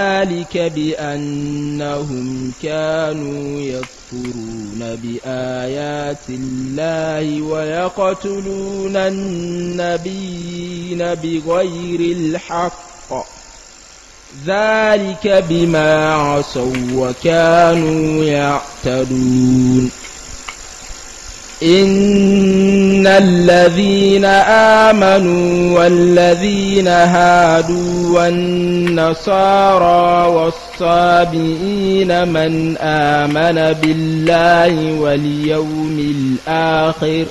ذلك بأنهم كانوا يكفرون بآيات الله ويقتلون النبيين بغير الحق ذلك بما عصوا وكانوا يعتدون إن إن الذين آمنوا والذين هادوا والنصارى والصابئين من آمن بالله واليوم الآخر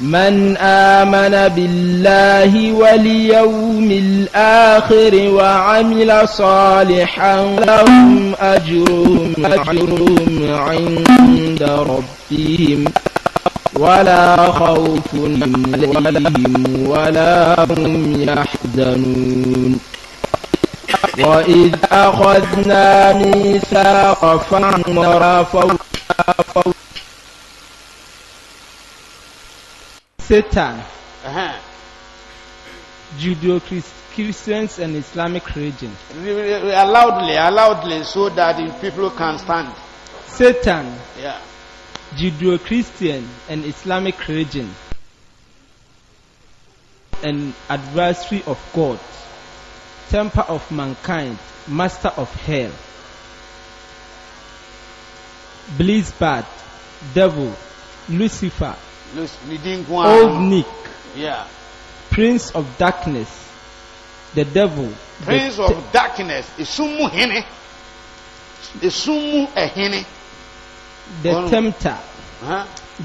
من آمن بالله واليوم الآخر وعمل صالحا لهم أجرهم أجرهم عند ربهم ولا خوف عليهم ولا هم يحزنون وإذ أخذنا ميثاق فعمر فوق Satan, uh-huh. Judeo-Christians and Islamic religion. Loudly, loudly, so that people can stand. Satan. Yeah. Judeo-Christian and Islamic religion, an adversary of God, temper of mankind, master of hell, Blizzard, devil, Lucifer, old Nick, yeah. prince of darkness, the devil. Prince the of darkness, Isumu Hene, Isumu Ehene. the tempter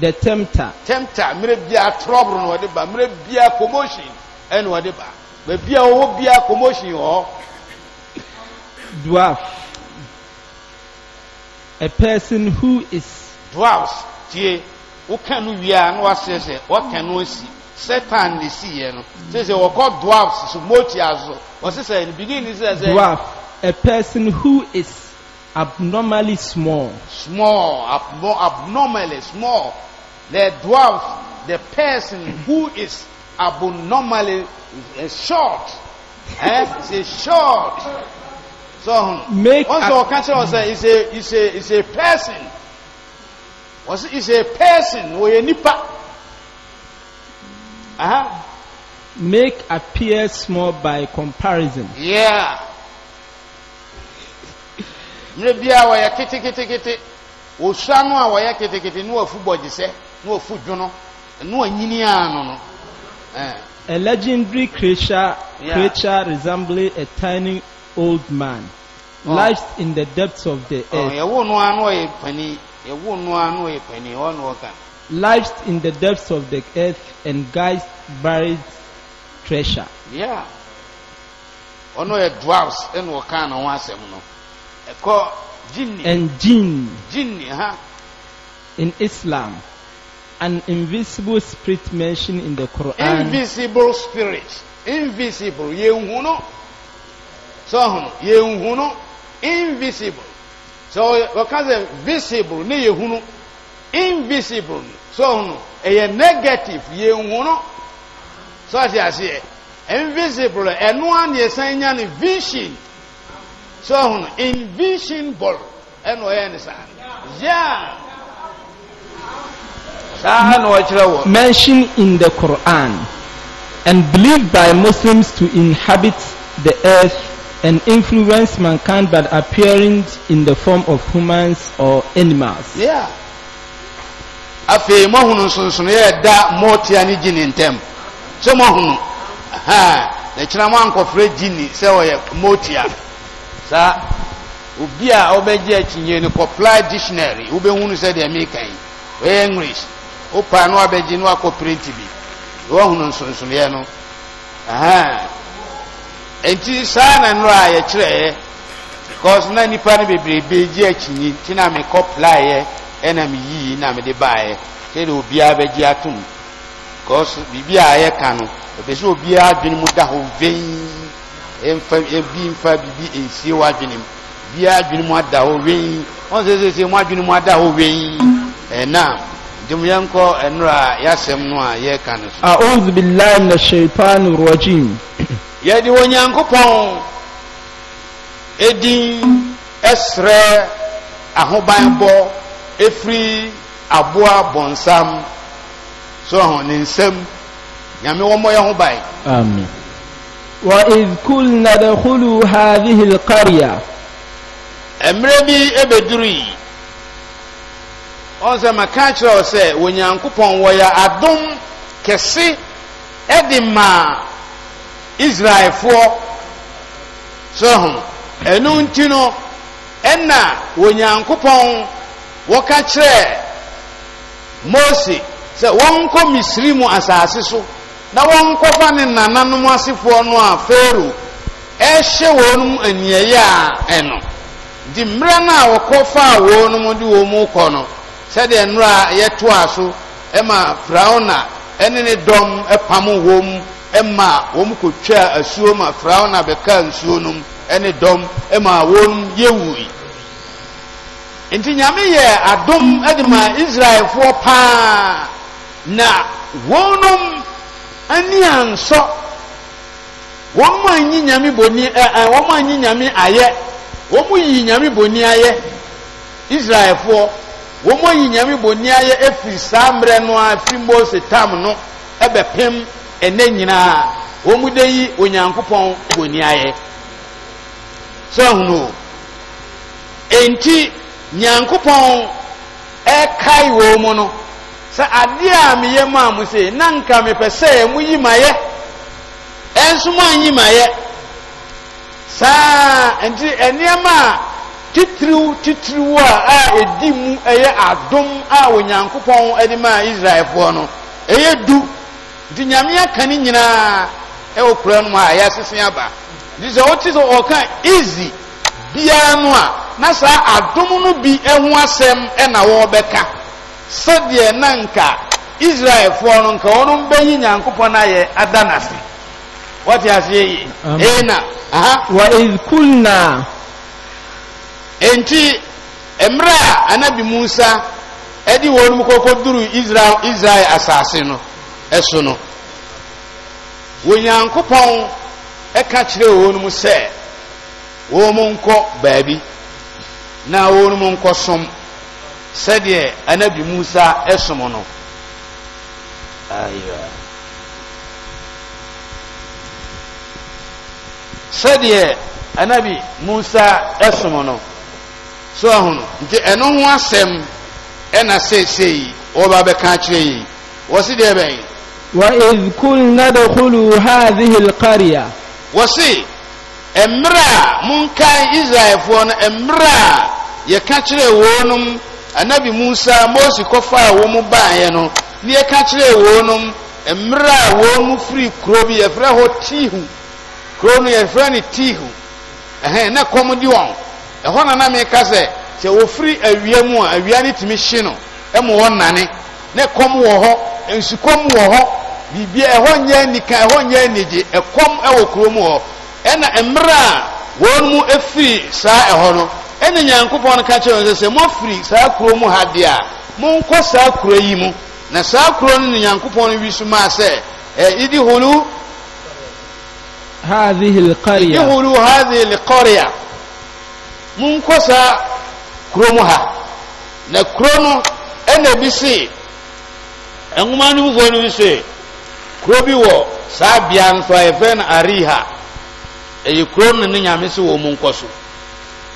the tempter tempter mmerɛ biara trouble na wɔde ba mmerɛ biara commotion ɛna wɔde ba baabi a wɔwɔ biara commotion wɔ dwarf a person who is dwarf. tie woka no wie a na waseɛ sɛ wɔka no asi satan ne si yɛ no sɛ sɛ wɔkɔ dwarfs so motia so wɔsesɛ no bigini sɛ sɛ dwarf a person who is abnormally small. Small, abno- abnormally small. The dwarf, the person who is abnormally uh, short, eh, is short. So, make also a, catch us is a is a is a person. Was is a person or a nipa. Uh-huh. Make appear small by comparison. Yeah. yere bia wɔyɛ ketekete wɔsua no a wɔyɛ ketekete ne wafu bɔgye sɛ wafu dwono ne wanyini a no no A legendary creature, yeah. creature resembling a tiny old man, oh. lives in the depths of the oh, earth. Oh. Lives in the depths of the earth and guides buried treasure. Yeah. ɔno yɛ dwarfs ɛna ɔka na ho called jinni. And jinn. Jinni, huh? In Islam, an invisible spirit mentioned in the Quran. Invisible spirit. Invisible. Yehuno. Sahun. Yehuno. Invisible. So, because visible, ni ne yehuno. Invisible. Sahun. A negative. Yehuno. So, as I say, invisible. And one, yes, I vision so ɔhono envision ball ɛna ɔyɛ ne saa yeah saa na ɔkyerɛ wɔ. mentioned in the Quran and believed by Muslims to inhabit the earth and influence mankind by appearing in the form of humans or animals. Yeah. afei mɔhunu nsonsono yɛ da mɔɔtia ani gyi ne ntɛm sɛ mɔhunu na kyerɛ mɔ ankɔfrɛ gyi ni sɛ ɔyɛ mɔɔtia sa obi a ɔbɛgye akyinyɛ no kɔpla dictionary wobɛhunu sɛdeɛ meka yi ɔyɛ english wopaa no abɛgye no akɔ print bi wɔhunu nsonsonoeɛ no aha nti saa na nnora a yɛkyerɛeɛ because na nnipa no bebree bɛgye akyinyi nti na mekɔplaeɛ ɛna meyii na mede baeɛ sɛdeɛ obiara bɛgye m because biribi a yɛka no ɛpɛ sɛ obiara adwene mu da hɔ vei ebi nfa bibi esie wa adwene mu bia adwene mu ada hɔ wɛn wɔn sɛ sɛ sɛ mu adwene mu ada hɔ wɛn ɛna dum nnura yasɛm no a yɛka no so. a'udhu billahi na shaitan rajim. yɛde wɔn nyankopɔn edin ɛsrɛ ahobanbɔ efiri aboa bɔnsam so ne nsam nyame wɔn mo yɛ ho ban. amen. وإذ قلنا ادخلوا هذه القرية mmerɛ bi ɛbɛduru yi ɔn sɛ maka kyerɛ wo sɛ onyankopɔn wɔyɛ adom kɛse ɛde maa israelfoɔ so ho ɛno nti no ɛna onyankopɔn wɔka kyerɛɛ mose sɛ wɔnkɔ misiri na wɔnkɔfa ne nananom asefoɔ no a fero ɛhyɛ wɔn aniɛyɛ a ɛno nti mmerɛ no a wɔkɔfaa wɔn de wɔn kɔ no sɛdeɛ nnora a yɛtoa so ɛma fraona ɛne ne dɔm ɛpam wɔn ɛma wɔn kɔtwa asuo ma fraona bɛka nsuo no ɛne dɔm ɛma wɔn yɛwui nti nyame yɛ adom ɛde ma israelfoɔ paa na wɔn ani ansɔ wɔn mu anyi nyame boni ɛ ɛ wɔn mu anyi nyame ayɛ wɔn mu yi nyame boni ayɛ Israefoɔ, wɔn mu yi nyame boni ayɛ efiri saa mmerɛ no a fi mose tam no ɛbɛ pem ɛnɛ nyinaa wɔn mu de yi onyankopɔn boni ayɛ sɔhunu enti nyankopɔn ɛkae wɔn mu no. sɛ adeɛ a meyɛ maa mo sei na nka mepɛ sɛ moyi ma yɛ ɛnso moanyi ma yɛ saa nti nneɛma a titiriw titiriw a a ɛdi mu ɛyɛ adom a onyankopɔn de maa israelfoɔ no ɛyɛ du nti nyame aka ne nyinaa ɛwɔ kura no mu a yɛasese aba nti sɛ wote sɛ ɔka easy biara no a na saa adom no bi ho asɛm na wɔrebɛka sɛdeɛ na nka israelfoɔ no nka wɔn bɛyi nyankopɔn ayɛ ada n'ase wɔte aseɛ yi ɛna aha wa ekulna enti mmerɛ a anabi musa ɛde wɔn mu kɔkɔ duru israel israel asase no ɛso no wɔn nyankopɔn ɛka kyerɛ wɔn mu sɛ wɔn nkɔ baabi na wɔn mu nkɔ som. sɛdeɛ anabi musa ɛsom no ayiwa sɛdeɛ anabi musa ɛsom no so ahun nti ɛno ho asɛm ɛna seesei wɔba bɛka akyerɛ yi wɔsi deɛ bɛn. وإذ قلنا ادخلوا هذه القرية وسي امرا منكا إذا فون امرا يكاتري وونم anabi musa mose kɔfa a wɔn mu baeɛ no ne kyerɛ wɔn wɔnom mmerɛ a wɔn mu firi kuro bi yɛfrɛ hɔ tihu kuro no yɛfrɛ no tihu ɛhɛn ne kɔm di wɔn ɛhɔ na na meka sɛ sɛ wɔfiri awia mu a awia no tumi hye no ɛmo hɔ nane ne kɔm wɔ hɔ nsukɔm wɔ hɔ biribia ɛhɔ nyɛ nika ɛhɔ nyɛ anigye ɛkɔm ɛwɔ kuro mu hɔ ɛna mmerɛ a wɔn mu firi saa ɛhɔ no ɛne nyankopɔn ka kyerɛ wɔn sɛ sɛ mɔfiri saa kuro mu ha deɛ a monkɔ saa kuro yi mu na saa kuro no ne nyankopɔn no bi so maa sɛ idi hulu hadhihi alqarya idi hulu hadhihi alqarya monkɔ saa kuro mu ha na kuro no ɛna bi se nwoma no mufoɔ no bi se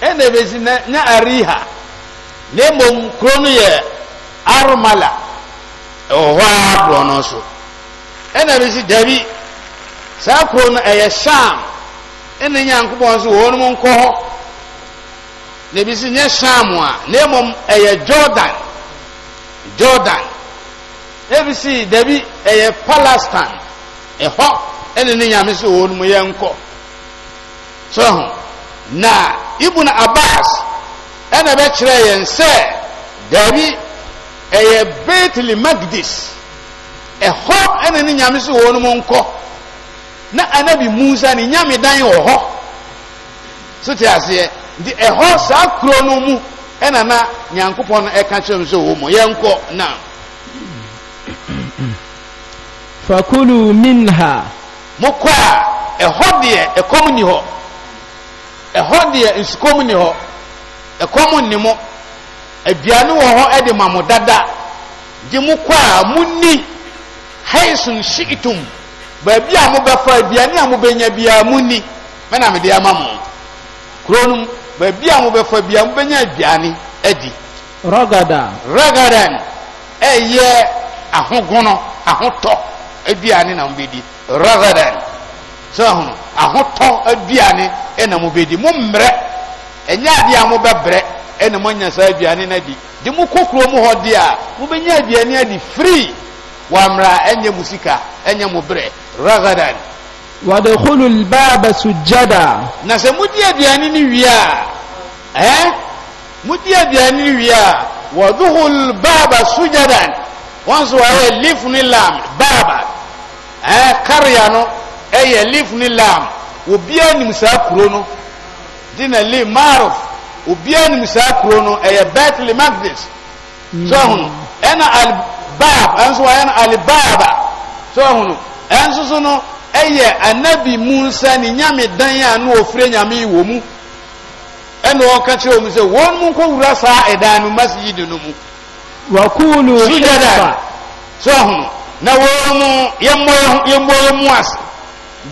ɛna bɛsi na nya ariha na mmom kuro no yɛ armala ɛwɔ e, hɔ ara borɔ no so ɛna bɛsi dabi saa kuro no e, ɛyɛ sham ɛna nyankopɔn nso wɔn mu nkɔ hɔ na bɛsi nyɛ sham a na mmom ɛyɛ e, jordan jordan na bɛsi dabi ɛyɛ palestine ɛhɔ ɛna ne nyame so wɔn mu yɛ nkɔ so ho. na na abbas ɛna bɛkyerɛ yɛn sɛ daabi ɛyɛ beitli magdis ɛhɔ e ɛna ne nyame so wɔ no mu nkɔ na anabi musa ne nyame dan wɔ hɔ so te aseɛ nti ɛhɔ e saa kuro no mu ɛna na nyankopɔn no ɛka kyerɛ m sɛ wɔ mu yɛnkɔ na fakulu minha mokɔ a ɛhɔ deɛ ɛkɔm hɔ ɛhɔ deɛ nsukom ni hɔ ɛkɔm ni mo aduane wɔ hɔ ɛde ma mo dada gye mo kɔ a mo ni haisu nhyikitum baabi a mo bɛfa aduane a mo bɛnya biara mo ni mɛna mo de ama mo kuro no baabi a mo bɛfa biara mo bɛnya aduane adi. rɔgada. rɔgada ɛyɛ ahogono ahotɔ aduane na mo bɛ di rɔgada. sɛ hono ahotɔ aduane ɛna mobɛdi mo mmerɛ ɛnyɛ adeɛ a mobɛbrɛ ɛna moanya saa aduane no adi de mo kɔ kurom hɔ deɛ a mobɛnya aduane adi firi wɔammra ɛnyɛ mo sika ɛnyɛ mo berɛ ragadan wadkhulu lbaba sujada na sɛ modi aduane no wie a ɛɛ modi aduane no wie a wadkhulu lbaba sujadan wɔn so wɔyɛ lif ne lam ɛɛ karea no ɛyɛ leaf ni lam obiara nim saa kuro no di na lee marof obiara nim saa kuro no ɛyɛ bethlehem magnet sɔhun hmm. ɛna alibaab ɛnso wɔyɛ no alibaaba sɔhun ɛnso so no ɛyɛ anabi musa ne nyame dan a no ofure nyame wɔ mu ɛna ɔka kyerɛ wɔn sɛ wɔn mu nkɔwura saa ɛdan no masjid no mu. wakulu sujada sɔhun na wɔn mu yɛmmɔ yɛmmɔ yɛmmɔ ase.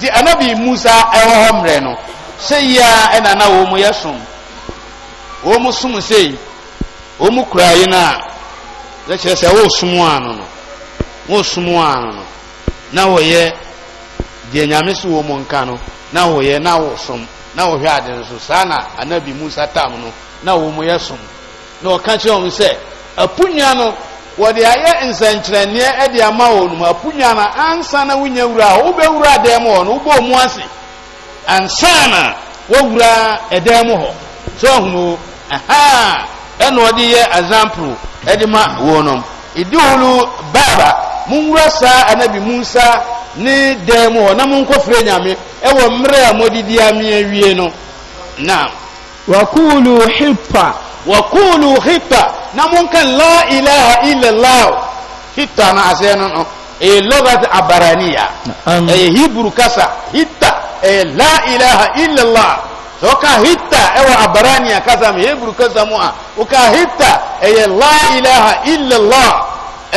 Di anabi musa ɛwɔ hɔ mmerɛ no seyi a ɛna na wɔn yɛ som wɔn som seyi wɔn kura yi no a ɛkyerɛ sɛ wɔsom ano no wɔsom ano no na wɔyɛ deɛ nyame so wɔ mu nka no na wɔyɛ na wɔsom na wɔhwɛ ade no so saa na anabi musa tam no na wɔn yɛ som na ɔka kyerɛ wɔn sɛ apunya no. wɔde ayɛ nsɛnkyerɛnneɛ de ama wɔn mu apunya na ansa na wonya wura a wobɛwura dan mu hɔ no wobɔ mu ase ansa na wowura ɛdan mu hɔ so ahunu aha ɛna ɔde yɛ example ɛde ma wɔn nom idihulu baaba munwura saa anabi musa ne dan mu hɔ na monkɔfrɛ nyame ɛwɔ mmerɛ a modidi amea wie no na wakulu hipa wakulu hipa na la ilaha illallah hita na asenu no e lugat abaraniya e hebru kasa hitta e la ilaha illallah so ka hitta e wa abaraniya kasa mi hebru kasa mu a o ka hitta e la ilaha illallah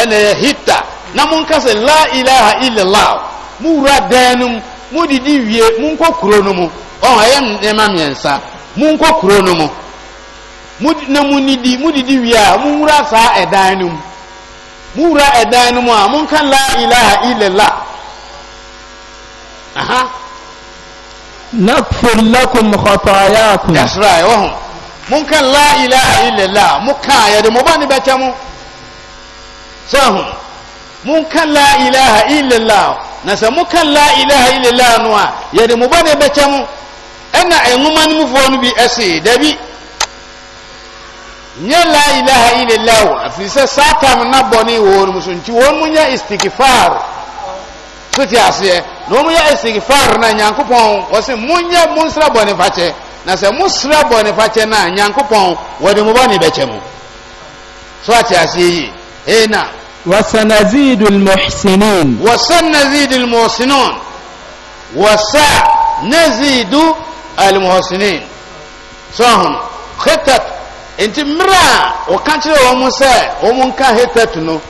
ene hitta na mun la ilaha illallah mu radanum mu didi wie mun ko kuro no mu o ayen ne miensa mun ko no mu na mu nidi mu didi wie a mu wura saa ɛdan no mu mu wura ɛdan no mu a monka la ilaha illallah aha nakfir lakum khatayakum that's right wɔ ho monka la ilaha illallah mo ka yɛde mo ba ne bɛkyɛ mo sɛ ho monka la ilaha illallah na sɛ moka la ilaha illallah no a yɛde mo ba ne bɛkyɛ mo ɛna ɛnwoma no no bi ɛsee dabi nyɛ la ilaha illallah afiri sɛ saa tam na bɔne wɔ wɔn mu so nti wɔn e, mu nyɛ istikifar so te aseɛ na wɔn mu nyɛ istikifar na nyankopɔn wɔsɛ mu nyɛ mu nsra bɔne fakyɛ na sɛ mu sra bɔne fakyɛ na nyankopɔn wɔde mu bɔne bɛkyɛ mu so ate aseɛ yi ee na. وسنزيد المحسنين وسنزيد المحسنون وسنزيد المحسنين صح خطط nti mmerɛ a wɔka kyerɛ wɔn mo sɛ wɔn mo nka hetet no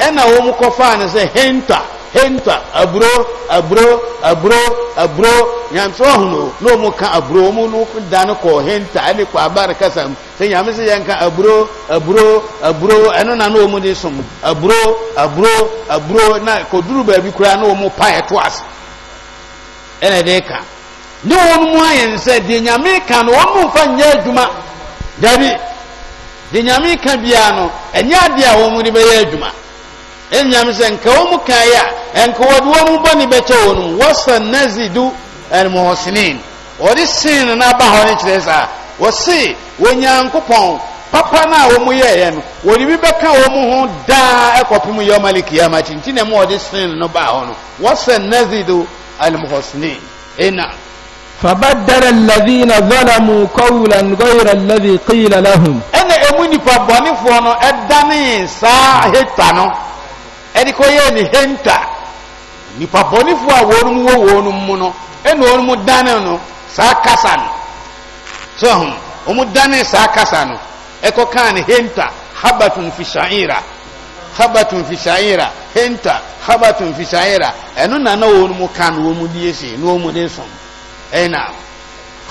ɛna wɔn kɔfaa no sɛ henta henta aburo aburo aburo aburo nyamesɛ ɔhono na wɔn mo ka aburo wɔn mo no dan kɔ henta ɛne kɔ abaare kasa mu sɛ nyame sɛ yɛnka aburo aburo aburo ɛno na na wɔn mo de som aburo aburo aburo na kɔduru baabi kura na wɔn mo pa ɛto ase ɛna ɛde ka ne wɔn mo ayɛ nsɛ deɛ nyame ka no wɔn mo nfa nyɛ adwuma dabi de nyame ka biara no ɛnyɛ adeɛ a wɔn mu de bɛyɛ adwuma ɛn nyame sɛ nka wɔn mu kan yɛ a nka wɔde wɔn mu bɔ ne bɛkyɛ wɔn mu wɔsɛ nazi du ɛnumɔhɔsinin wɔde sin no n'aba hɔ ne kyerɛ saa wɔsi wɔnyankopɔn papa no a wɔn mu yɛ yɛ no wɔde bi bɛka wɔn mu ho daa ɛkɔpem yɛ ɔma leki ama kyi nti na mu wɔde sin no ba hɔ no wɔsɛ nazi du ɛnumɔhɔsinin ɛna. فبدل الذين ظلموا قولا غير الذي قيل لهم mu nipa bɔnefoɔ no ɛdane saa heta no ɛde kɔyɛɛ ne henta nipa bɔnefoɔ a wɔn mu wɔ wɔn mu no ɛna wɔn mu dane no saa kasa no so ho wɔn dane saa kasa no ɛkɔ kaa ne henta habatun fi sha'ira habatun fi sha'ira henta habatun fi sha'ira ɛno na na wɔn mu ka no wɔn mu die se wɔn mu ne som ɛna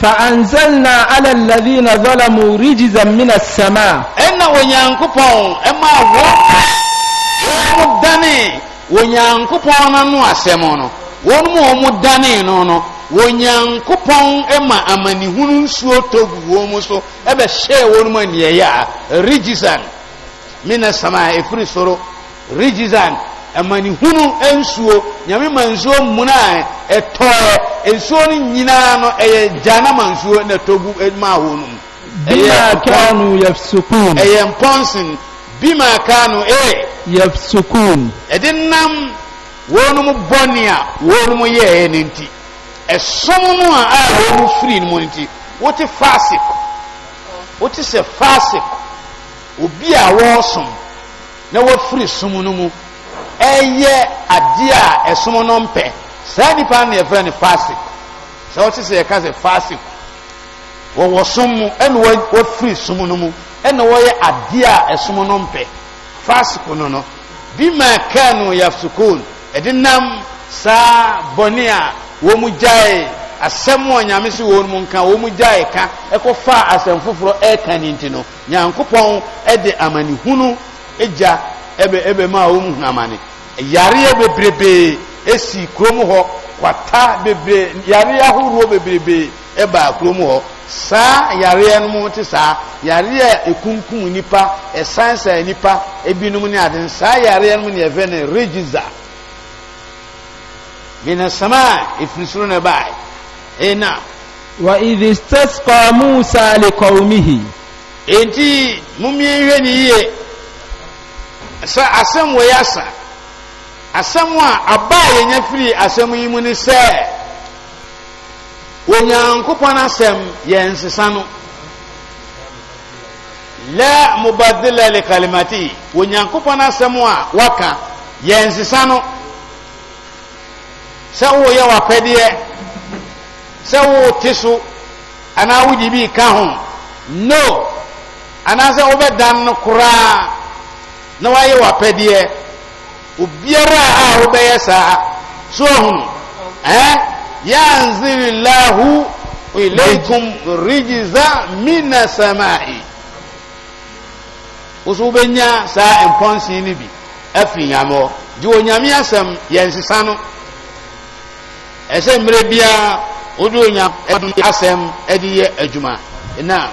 fa'anzalna ala alladhina zalamu rijzan minas sama ɛna onyankopɔn ɛma wɔ wɔn dane onyankopɔn n'ano asɛm no wɔn mu wɔn dane no no onyankopɔn ɛma amanihunu nsuo tɔ gu wɔn mu so ɛbɛhyɛ wɔn mu aniɛyɛ a rijzan minas sama efiri soro rijzan ɛmani hunu nsuo nyame ma nsuo mmuna a ɛtɔɔ nsuo no nyinaa no ɛyɛ gyanama nsuo na ɛtɔ gu maa wɔn mu. bima kanu yafsukun. ɛyɛ mpɔnsen bima kanu ee. yafsukun. ɛde nam wɔn bɔnni a wɔn yɛɛ ne nti ɛsom mu a a wɔn firi no mu nti wɔte faasik wɔte sɛ faasik obi a wɔresom na wɔfiri som no mu ɛyɛ adeɛ a ɛsom no mpɛ saa nipa no yɛfrɛ no fasik sɛ wɔte sɛ yɛka sɛ fasik wɔwɔ som mu ɛna wɔafiri som no mu ɛna wɔyɛ adeɛ a ɛsom no mpɛ fasik no no bima kanu yafsukun ɛde nam saa bɔne a wɔn mu gyae asɛm a nyame sɛ wɔn mu nka wɔn mu gyae ka ɛkɔfa asɛm foforɔ ɛɛka ne nti no nyankopɔn ɛde amanehunu egya ɛbɛ ɛbɛ mu a wɔn mu amane yareɛ bebrebee esi kurom hɔ kwata bebree yari ahorow bebrebee ɛba kurom hɔ saa yari no ti te yari yareɛ ekunkum nipa ɛsansa nipa ebinom ne ade saa yareɛ no mu ne yɛfɛ no regiza mina sama efiri soro na baa ɛna. E, wa idhi stasqa musa li qawmihi. eti mumie hwɛ ne yie. sɛ asɛm wɔ yɛ asa asɛm a aba a yɛnya firi asɛm yi mu ne sɛ onyankopɔn asɛm yɛ nsesa no la mubadila le kalimati onyankopɔn asɛm a waka yɛ nsesa no sɛ woyɛ w'apɛdeɛ sɛ wote so anaa wode bi ka ho no anaasɛ wobɛdan no koraa na wayɛ wapɛdeɛ obiara a wobɛyɛ saa so ahunu ɛn yanziri lahu ilaykum rijiza mina samai woso wobɛnya saa mpɔnsen no bi afiri nyame hɔ gye wɔ nyame asɛm yɛ nsesa no ɛsɛ mmerɛ biara wode asɛm de yɛ adwuma naam